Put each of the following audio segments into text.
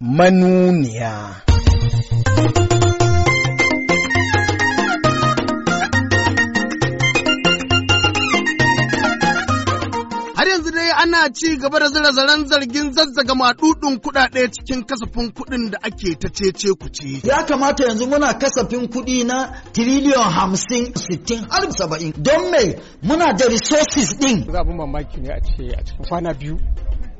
manuniya. Har yanzu dai ana ci gaba da zare-zaren zargin zazzaga maɗuɗin kuɗaɗe cikin kasafin kuɗin da ake ta cece kuce. Ya kamata yanzu muna kasafin kuɗi na tiriliyon hamsin sittin har saba'in don mai muna da resources ɗin. zabin mamaki ne a ce a cikin kwana biyu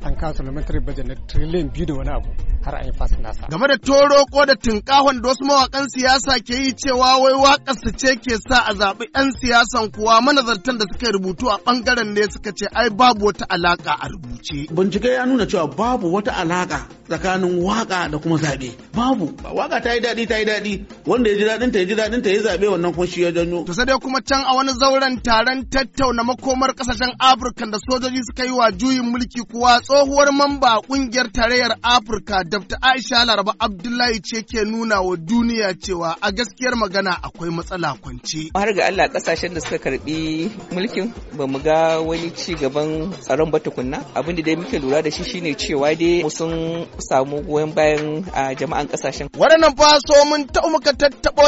tankasa parliamentary budget na trillion biyu da wani abu har an yi fasin nasa. Game da toro ko da tinkahon da wasu mawakan siyasa ke yi cewa wai waƙarsa ce ke sa a zaɓi 'yan siyasan kuwa manazartan da suka rubutu a ɓangaren ne suka ce ai babu wata alaƙa a rubuce. Bincike ya nuna cewa babu wata alaƙa tsakanin waƙa da kuma zaɓe. Babu. Waƙa ta yi daɗi ta yi daɗi wanda ya ji daɗin ta ya ji daɗin ta ya zaɓe wannan kuma shi ya janyo. To sai kuma can a wani zauren taron tattauna makomar ƙasashen Afirka da sojoji suka yi wa juyin mulki kuwa tsohuwar mamba kungiyar tarayyar Afirka Dr. Aisha Laraba Abdullahi ce ke nuna wa duniya cewa a gaskiyar magana akwai matsala kwance. Har ga Allah kasashen da suka karbi mulkin ba mu ga wani ci gaban tsaron ba tukunna. Abin da dai muke lura da shi shine cewa dai mu sun samu goyon bayan a jama'an kasashen. Waɗannan fa so mun taɓa muka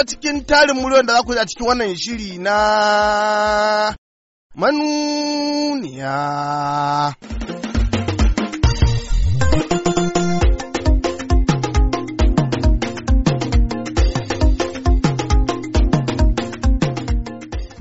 cikin tarin miliyon da za ku a cikin wannan shiri na manuniya.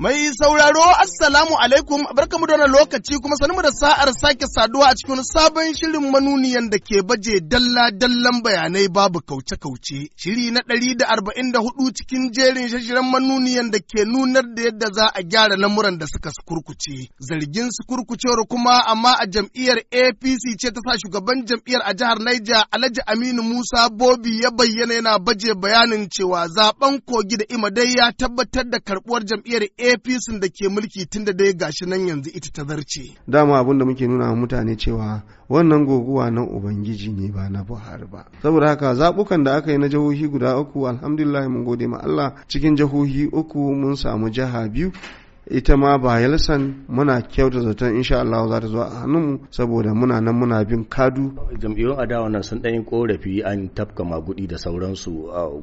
Mai sauraro Assalamu alaikum barkamu da wannan lokaci kuma sanmu da sa'ar sake saduwa a cikin sabon shirin manuniyan da ke baje dalla dallan bayanai babu kauce-kauce. Shiri na ɗari da arba'in da hudu cikin jerin shirin manuniyan da ke nunar da yadda za a gyara lamuran da suka kurkuce. Zargin su kurkucewar kuma amma a jam'iyyar APC ce ta sa shugaban jam'iyyar a jihar Niger Alhaji Aminu Musa Bobi ya bayyana yana baje bayanin cewa zaben kogi da imadai ya tabbatar da karbuwar jam'iyyar APC APC da ke mulki tun da dai gashi nan yanzu ita ta zarce. Dama abin da muke nuna wa mutane cewa wannan goguwa na Ubangiji ne ba na Buhari ba. Saboda haka zaɓukan da aka yi na jihohi guda uku alhamdulillah mun gode ma Allah cikin jihohi uku mun samu jiha biyu ita ma ba yalsan muna kyauta zaton insha Allah za ta zo a hannunmu saboda muna nan muna bin kadu jam'iyyun adawa nan sun yi korafi an tafka magudi da sauransu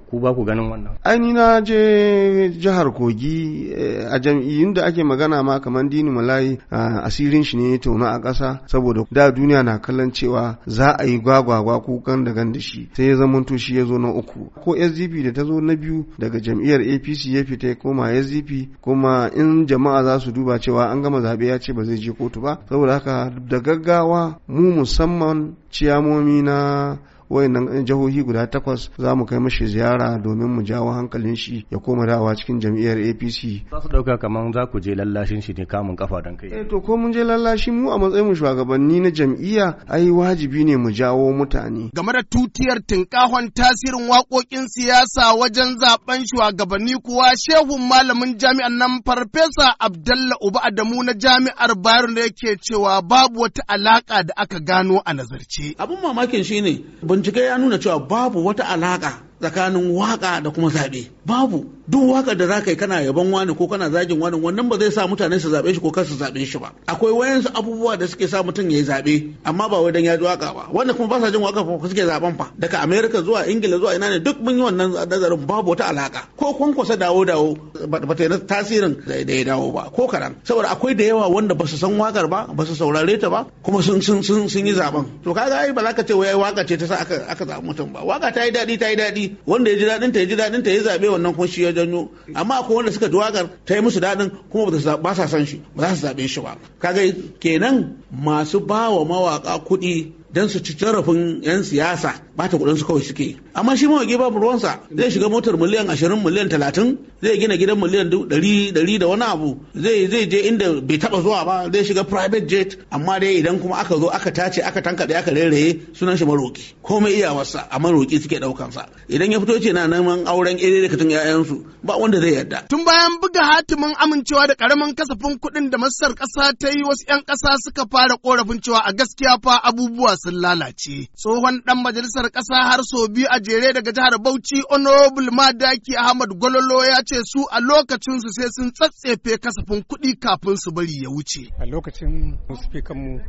ku ba ku ganin wannan ai ni na je jihar kogi eh, a jam'iyyun da ake magana ma kamar dini malayi asirin shi ne tauna a ƙasa saboda da duniya na kallon cewa za a yi gwagwagwa kukan da gan da shi sai ya to shi ya zo na uku ko SDP da ta zo na biyu daga jam'iyyar APC ya fita koma SDP kuma in jama'a za su duba cewa an gama zaɓe ya ce ba zai je kotu ba saboda haka da gaggawa mu musamman ciyamomi na wayannan jihohi guda takwas za mu kai mashi ziyara domin mu jawo hankalin shi ya koma dawa cikin jam'iyyar APC za su dauka kaman za ku je lallashin shi ne kamun kafa don kai eh to ko mun je lallashi mu a matsayin mu shugabanni na jam'iyya ai wajibi ne mu jawo mutane game da tutiyar tinkahon tasirin waƙoƙin siyasa wajen zaben shugabanni kuwa shehun malamin jami'an nan farfesa Abdalla Uba Adamu na jami'ar Bayero da yake cewa babu wata alaƙa da aka gano a nazarce abun mamakin shine bincike ya nuna cewa babu wata alaƙa tsakanin waka da kuma zaɓe babu duk waka da za ka yi kana yaban wani ko kana zagin wani wannan ba zai sa mutane su zaɓe shi ko kansu su zaɓe shi ba akwai wayansu abubuwa da suke sa mutum ya yi zaɓe amma ba wai dan ya ji waka ba wanda kuma ba sa jin waka ko suke zaɓen fa daga Amerika zuwa ingila zuwa ina ne duk mun yi wannan nazarin babu wata alaka ko kwankwasa dawo dawo ba ta yi tasirin da ya dawo ba ko karan saboda akwai da yawa wanda ba su san wakar ba ba su saurare ta ba kuma sun sun sun yi zaɓen. to kaga ai ba za ka ce wai waka ce ta sa aka aka zaɓi mutum ba waka ta yi daɗi ta yi daɗi wanda ya ji daɗin ta ya ji daɗin ta ya zaɓe wannan kuma shi ya janyo amma akwai wanda suka ji wakar ta yi musu daɗin kuma ba sa san shi ba za su zaɓe shi ba Ka kaga kenan masu ba wa mawaƙa kuɗi don su ci jarafin 'yan siyasa bata su kawai suke amma shi mawaƙi babu ruwansa zai shiga motar miliyan ashirin miliyan talatin zai gina gidan miliyan ɗari ɗari da wani abu zai zai je inda bai taba zuwa ba zai shiga private jet amma dai idan kuma aka zo aka tace aka tankaɗe aka rairaye sunan shi maroki. komai iya wasa a maroƙi suke sa idan ya fito ce na neman auren irin da ƴaƴansu ba wanda zai yarda. tun bayan buga hatimin amincewa da karamin kasafin kuɗin da masar ƙasa ta yi wasu 'yan ƙasa suka fara korafin cewa a gaskiya fa abubuwa sun lalace tsohon ɗan majalisar jihar ƙasa har sau biyu a jere daga jihar Bauchi Honorable Madaki Ahmad gwalolo ya ce su a lokacin sai sun tsatsefe kasafin kuɗi kafin su bari ya wuce. A lokacin speaker mu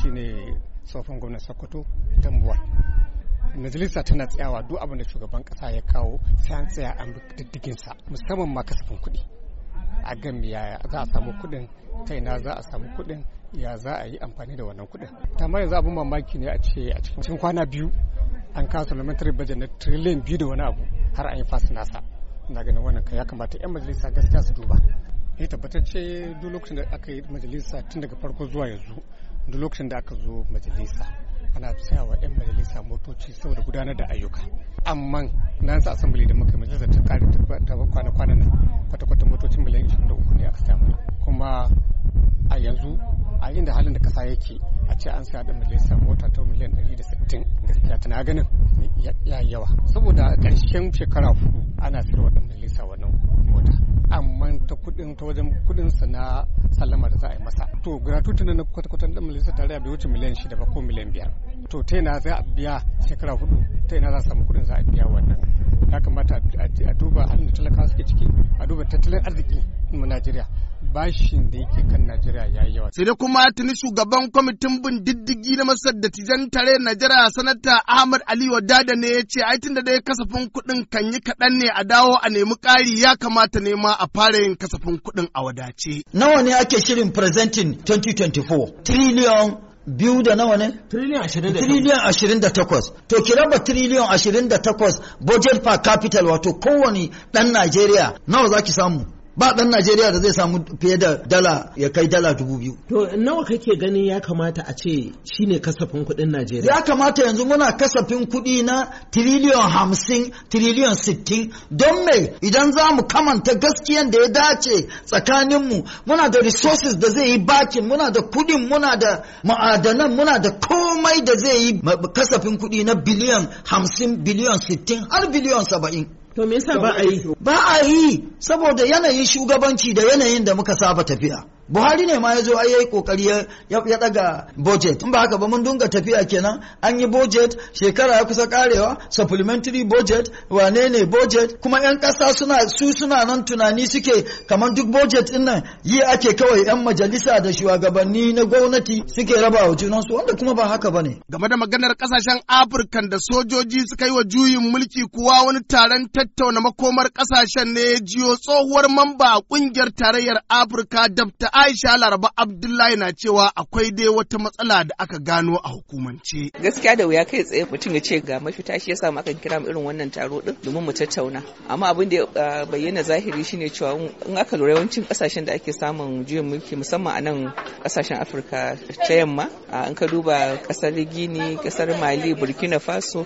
shine tsofin gwamnan Sokoto Tambuwa. majalisa tana tsayawa duk abin da shugaban kasa ya kawo sai an tsaya an diddigin sa musamman ma kasafin kuɗi a gan ya za a samu kuɗin ta ina za a samu kuɗin ya za a yi amfani da wannan kuɗin ta yanzu abin mamaki ne a ce a cikin kwana biyu an kasa lamantar baje na trillion biyu da wani abu har an yi fasa nasa na ganin wannan ya kamata 'yan majalisa gaskiya su duba ya ce duk lokacin da aka yi majalisa tun daga farko zuwa yanzu duk lokacin da aka zo majalisa ana tsayawa 'yan majalisa motoci saboda gudanar da ayyuka amma na sa asambili da muka majalisa ta kare ta kwana-kwanan kwata-kwata motocin miliyan 23 ne aka tsaya kuma a a inda halin da kasa yake a ce an siya da miliyan mota ta miliyan 160 gaskiya tana ganin ya yawa saboda ƙarshen shekara hudu ana wa da miliyan wannan mota amma ta kudin ta wajen kudin sa na sallama da za a yi masa to gratuity na kwata-kwata da miliyan tarayya bai wuce miliyan shida ba ko miliyan biyar to ta yana za a biya shekara hudu ta yana za a samu kudin za a biya wannan ya kamata a duba halin da talakawa suke ciki a duba tattalin arziki na Najeriya bashin da yake kan Najeriya ya yi yawa. Sai dai kuma tuni shugaban kwamitin bin diddigi na Masar da tijan tare Najeriya sanata Ahmad Ali Wadada ne ya ce ai tunda dai kasafin kuɗin kan yi kaɗan ne a dawo a nemi ƙari ya kamata ne ma a fara yin kasafin kuɗin a wadace. Nawa ne ake shirin presenting 2024? Trillion biyu da nawa ne? Triliyon ashirin da ashirin da takwas. To ki raba Triliyon ashirin da takwas budget per capital wato kowane ɗan Najeriya nawa za ki samu? ba dan Najeriya da zai samu fiye da dala ya kai dala dubu biyu. To nawa kake ganin ya kamata a ce shine kasafin kuɗin Najeriya? Ya kamata yanzu muna kasafin kuɗi na tiriliyon hamsin, tiriliyon sittin don me idan za mu kamanta gaskiyan da ya dace tsakaninmu muna da resources da zai yi bakin muna da kuɗin muna da ma'adanan muna da komai da zai yi kasafin kuɗi na biliyon hamsin biliyon sittin har biliyon saba'in. to me yasa ba a yi ba a yi saboda yanayin shugabanci da yanayin da muka saba tafiya buhari ne ma ya zo ai yayi kokari ya daga budget in ba haka ba mun dunga tafiya kenan an yi budget shekara ya kusa karewa supplementary budget wane ne budget kuma yan ƙasa suna su suna nan tunani suke kamar duk budget din nan yi ake kawai yan majalisa da shugabanni na gwamnati suke raba wa su wanda kuma ba haka bane game da maganar ƙasashen afirka da sojoji suka yi wa juyin mulki kuwa wani taron tattauna makomar kasashen ne jiyo tsohuwar mamba a kungiyar tarayyar afirka dabta Aisha Laraba Abdullahi na cewa akwai dai wata matsala da aka gano a hukumance. Gaskiya da wuya kai tsaye mutum ya ce ga mafita shi samu aka kira mu irin wannan taro ɗin domin mu tattauna. Amma abin da ya bayyana zahiri shine cewa in aka lura yawancin kasashen da ake samun juyin mulki musamman a nan kasashen Afirka ta yamma in ka duba kasar Gini, kasar Mali, Burkina Faso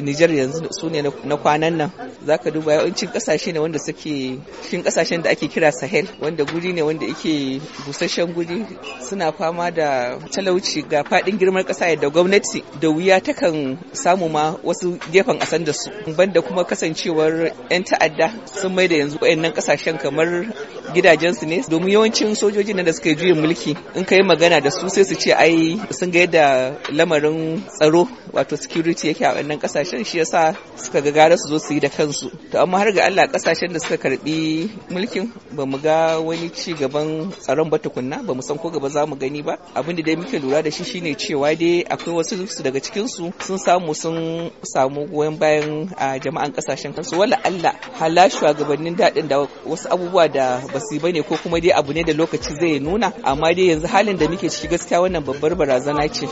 Nijar yanzu su ne na kwanan nan za ka duba yawancin kasashe ne wanda suke cikin kasashen da ake kira Sahel wanda guri ne wanda yake busasshen guri suna fama da talauci ga fadin girman kasa da gwamnati da wuya takan samu ma wasu gefen asan da su banda kuma kasancewar 'yan ta'adda sun mai da yanzu wayannan kasashen kamar gidajensu ne domin yawancin sojoji na da suka juyin mulki in ka yi magana da su sai su ce ai sun ga yadda lamarin tsaro wato security yake a wannan kasa kasashen shi yasa suka ga gara su zo su yi da kansu to amma har ga Allah kasashen da suka karbi mulkin ba mu ga wani ci gaban tsaron ba tukunna ba mu san ko gaba za mu gani ba abin da dai muke lura da shi shine cewa dai akwai wasu su daga cikin su sun samu sun samu goyon bayan a jama'an kasashen kansu wala Allah hala shugabannin dadin da wasu abubuwa da basu bane ko kuma dai abu ne da lokaci zai nuna amma dai yanzu halin da muke ciki gaskiya wannan babbar barazana ce.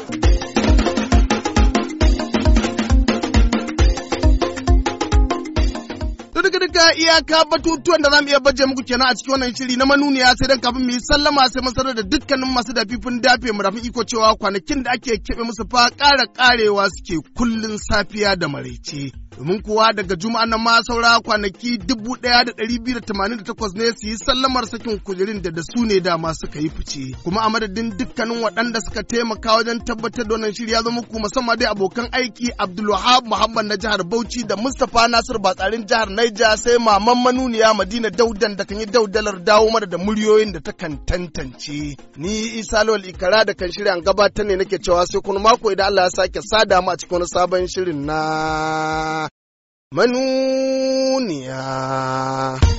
ga iyaka batutuwan da zamu iya baje muku kenan a cikin wannan shiri na manuniya sai dan kafin mu yi sallama sai mun sanar da dukkanin masu dafifin dafe mu rafin iko cewa kwanakin da ake keɓe musu fa ƙara ƙarewa suke kullun safiya da maraice. domin kuwa daga juma'an nan ma saura kwanaki 1288 ne su yi sallamar sakin kujerin da da su ne da masu yi fice kuma a madadin dukkanin waɗanda suka taimaka wajen tabbatar da wannan shirya zama ku musamman dai abokan aiki Abdulwahab Muhammad na jihar Bauchi da Mustapha Nasir Batsarin jihar Naija sai maman manuniya Madina Daudan da kan yi daudalar dawo mana da muryoyin da ta kan tantance ni Isa Lawal Ikara da kan shirya gabatar ne nake cewa sai kun mako idan Allah ya sake sada mu a cikin wani sabon shirin na manuniya.